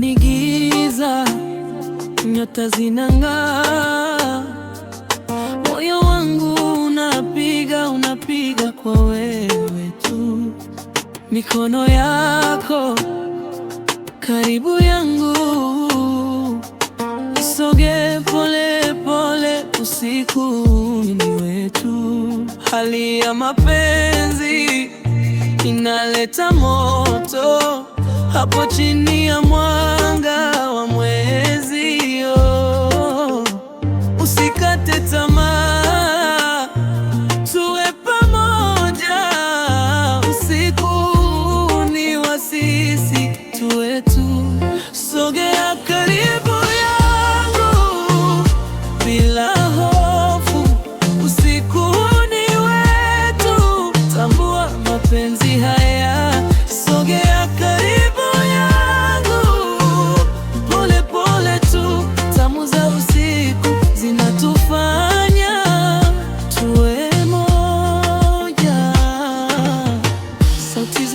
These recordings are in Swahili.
ni giza, nyota zinang'aa, moyo wangu unapiga unapiga kwa wewe tu, mikono yako karibu yangu, isoge pole pole, usiku ni wetu. Hali ya mapenzi inaleta moto hapo chini ya mwana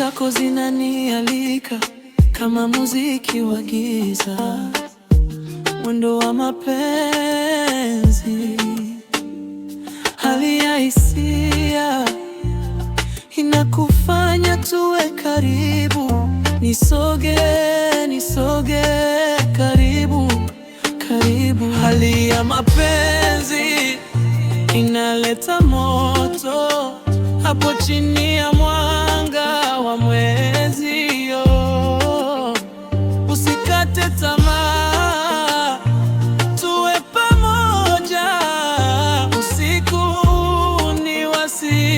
zako zinanialika kama muziki wa giza, mwendo wa mapenzi, hali ya hisia inakufanya tuwe karibu, nisoge nisoge, karibu karibu. Hali ya mapenzi inaleta moto hapo chini ya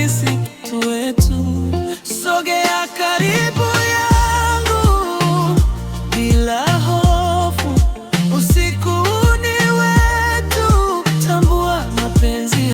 sim